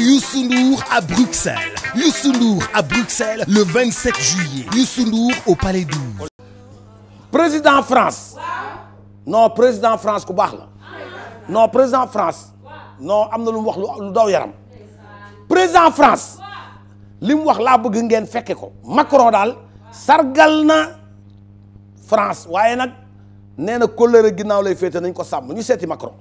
Youssou Ndour à Bruxelles Youssou Ndour à Bruxelles le 27 juillet Youssou Ndour au Palais 12. président France. no président France ku baax la. no président France. no am na lu mu wax lu daw yaram. président France. li mu wax laa bëgg ngeen fekke ko. Macron daal sargal na France waaye nag nee na kóllëre ginnaaw lay féete nañ ko sàmm ñu seeti Macron.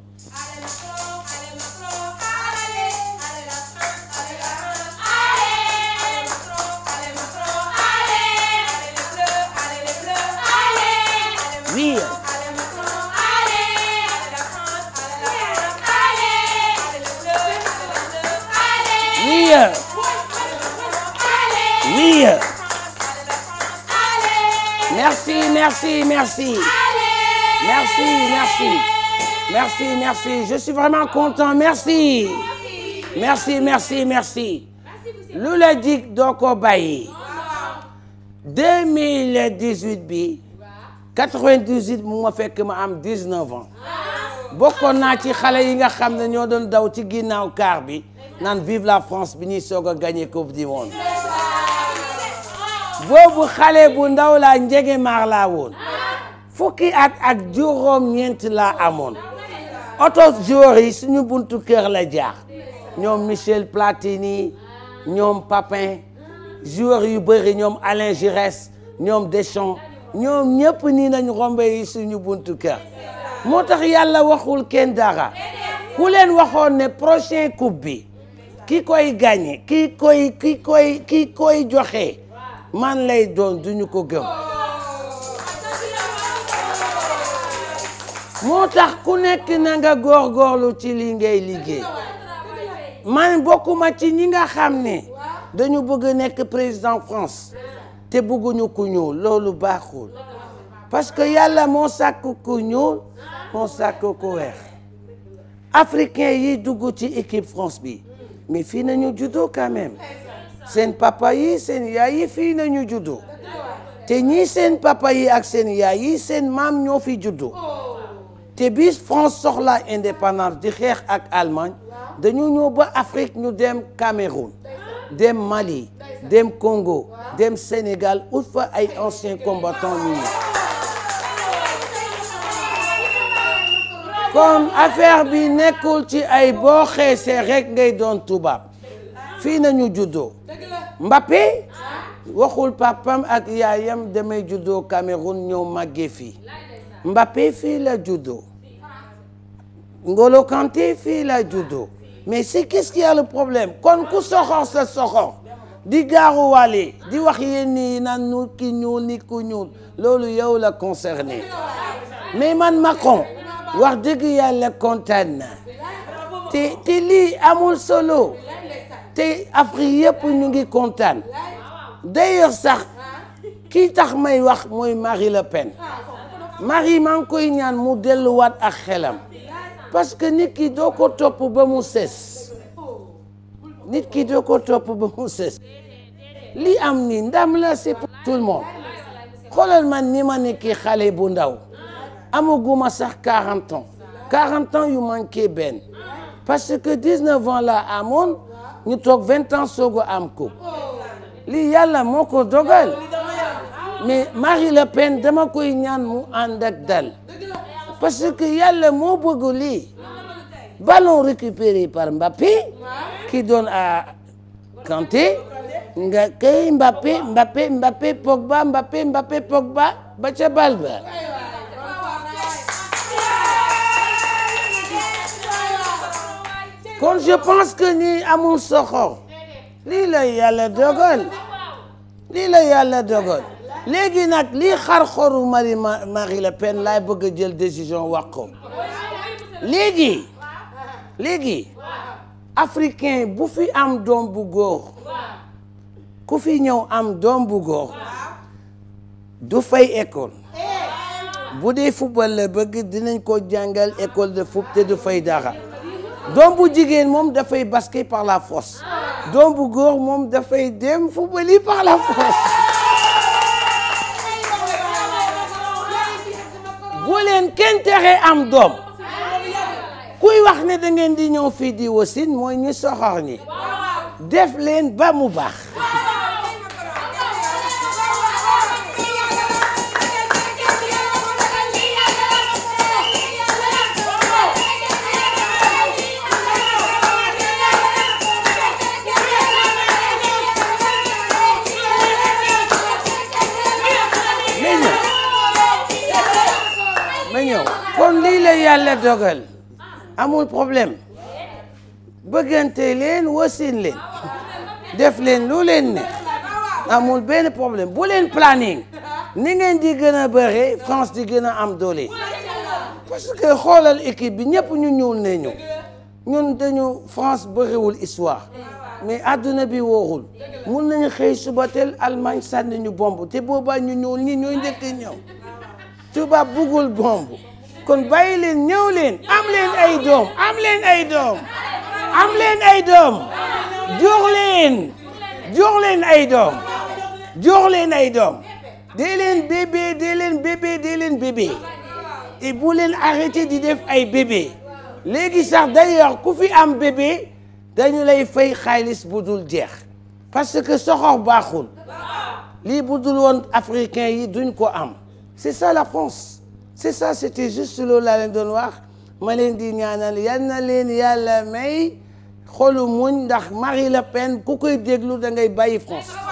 merci, merci. Merci, merci. Merci, merci. Je suis vraiment content. Merci. Merci, merci, merci. lu la dig doo ko bàyyi. 2018 bi 98 mu ma fekk ma am 19 ans bokkoon naa ci xale yi nga xam ne ñoo doon daw ci ginnaaw kaar bi naan vive la France bi ñuy soog a gagné coupe du monde. boobu xale bu ndaw la njege maar laa woon fukki at ak juróom ñeent laa amoon oto jour yi suñu buntu kër la jaar ñoom Michel Platini ñoom Papin joueurs yu bëri ñoom Alain Giresse ñoom Deschamps ñoom ñëpp nii nañu rombe yi suñu buntu kër moo tax yàlla waxul kenn dara ku leen waxoon ne prochain coupe bi ki koy gagné ki koy ki koy ki koy joxe man lay doon duñu ko gëm moo tax ku nekk na nga góorgóorlu ci li ngay liggéey man bokkuma ci ñi nga xam ne dañu bëgg nekk président France te bëgguñu ku ñuul loolu baaxul parce que yàlla moo sàkk ku ñuul moo sàkk ku weex africain yi dugg ci équipe France bi mais fii nañu juddoo quand seen papa yi seen yaay yi fii nañu juddoo te ñii seen papa yi ak seen yaay yi seen maam ñoo fi juddoo te bis France soxla indépendance di xeex ak Allemagne dañu ñëw ba Afrique ñu dem Cameroun dem Mali dem Congo dem Sénégal ut fa ay anciens combattants ñu kon affaire bi nekkul ci ay boo xeesee ngay doon tubaab fii nañu juddoo Mbappé waxul papam ak yaayam damay juddoo Cameroun ñëw màggee fii Mbappé fii la juddoo Ngolo Kanté fii la juddoo mais c'est qu'est-ce qu'il problème kon ku soxor sa soxor di gaaruwaale di wax yéen nii naan ñu ki ñuul nit ku ñuul loolu yow la concerné mais man Macron wax dëgg yàlla kontaan na te lii amul solo te Afrique yëpp ñu ngi kontaan d'ailleurs sax kii tax may wax mooy mari la Pen Marie maa ngi koy ñaan mu delluwaat ak xelam parce que nit ki doo ko topp ba mu ses nit ki doo ko topp ba mu ses li am ni ndam la c'est tout le monde xoolal ni ma nekki xale bu ndaw amaguma sax 40 ans 40 ans yu manqué benn parce que 19 ans la amoon ñu toog vingt ans soog am ko lii yàlla moo ko dogal mais Marie Le Pen dama koy ñaan mu ànd dal parce que yàlla moo bëgg li ballon récupéré par Mbappé qui donne à Kanté nga kay Mbappé Mbappé Mbappé Mbappé Mbappé Pogba ba ca ba kon je pense que ñi amul soxor lii la yàlla dogal lii la yàlla dogal léegi nag li xar-xoru Marie Marie Le Pen laay bëgg jël décision wax ko léegi léegi africain bu fi am doom bu góor ku fi ñëw am doom bu góor du fay école bu dee football la bëgg dinañ ko jàngal école de foot te du fay dara doom bu jigéen moom dafay basket par la force doom bu góor moom dafay dem football par la force bu leen kenn tere am doom kuy wax ne da ngeen di ñëw fii di wasin mooy ñu soxor ñi def leen ba mu baax yàlla dogal amul problème bëggante leen wasin leen def leen lu leen ne amul benn problème bu leen planning ni ngeen di gën a bëree France di gën a am doole parce que xoolal équipe bi ñëpp ñu ñuul ne ñu ñun dañu France barewul histoire mais àdduna bi wóorul mun nañu xëy suba teel Allemagne sànni bomb te boobaa ñu ñuul ñi ñooy njëkk ñëw tubaab buggul bomb kon bàyyi leen ñëw leen am ay doom am leen ay doom am leen ay doom jox leen jox leen ay doom jox leen ay doom dee leen bébé dee leen bébé dee leen bébé et bu leen di def ay bébé léegi sax d'ailleurs ku fi am bébé dañu lay fay xaalis bu dul jeex parce que soxor baaxul lii bu dul woon africain yi duñ ko am c'est ça la France c'est ça c'était juste loolu laa leen doon wax ma leen di ñaanal yal na leen yàlla may xolu muñ ndax Marie Le Pen ku koy déglu da ngay bàyyi France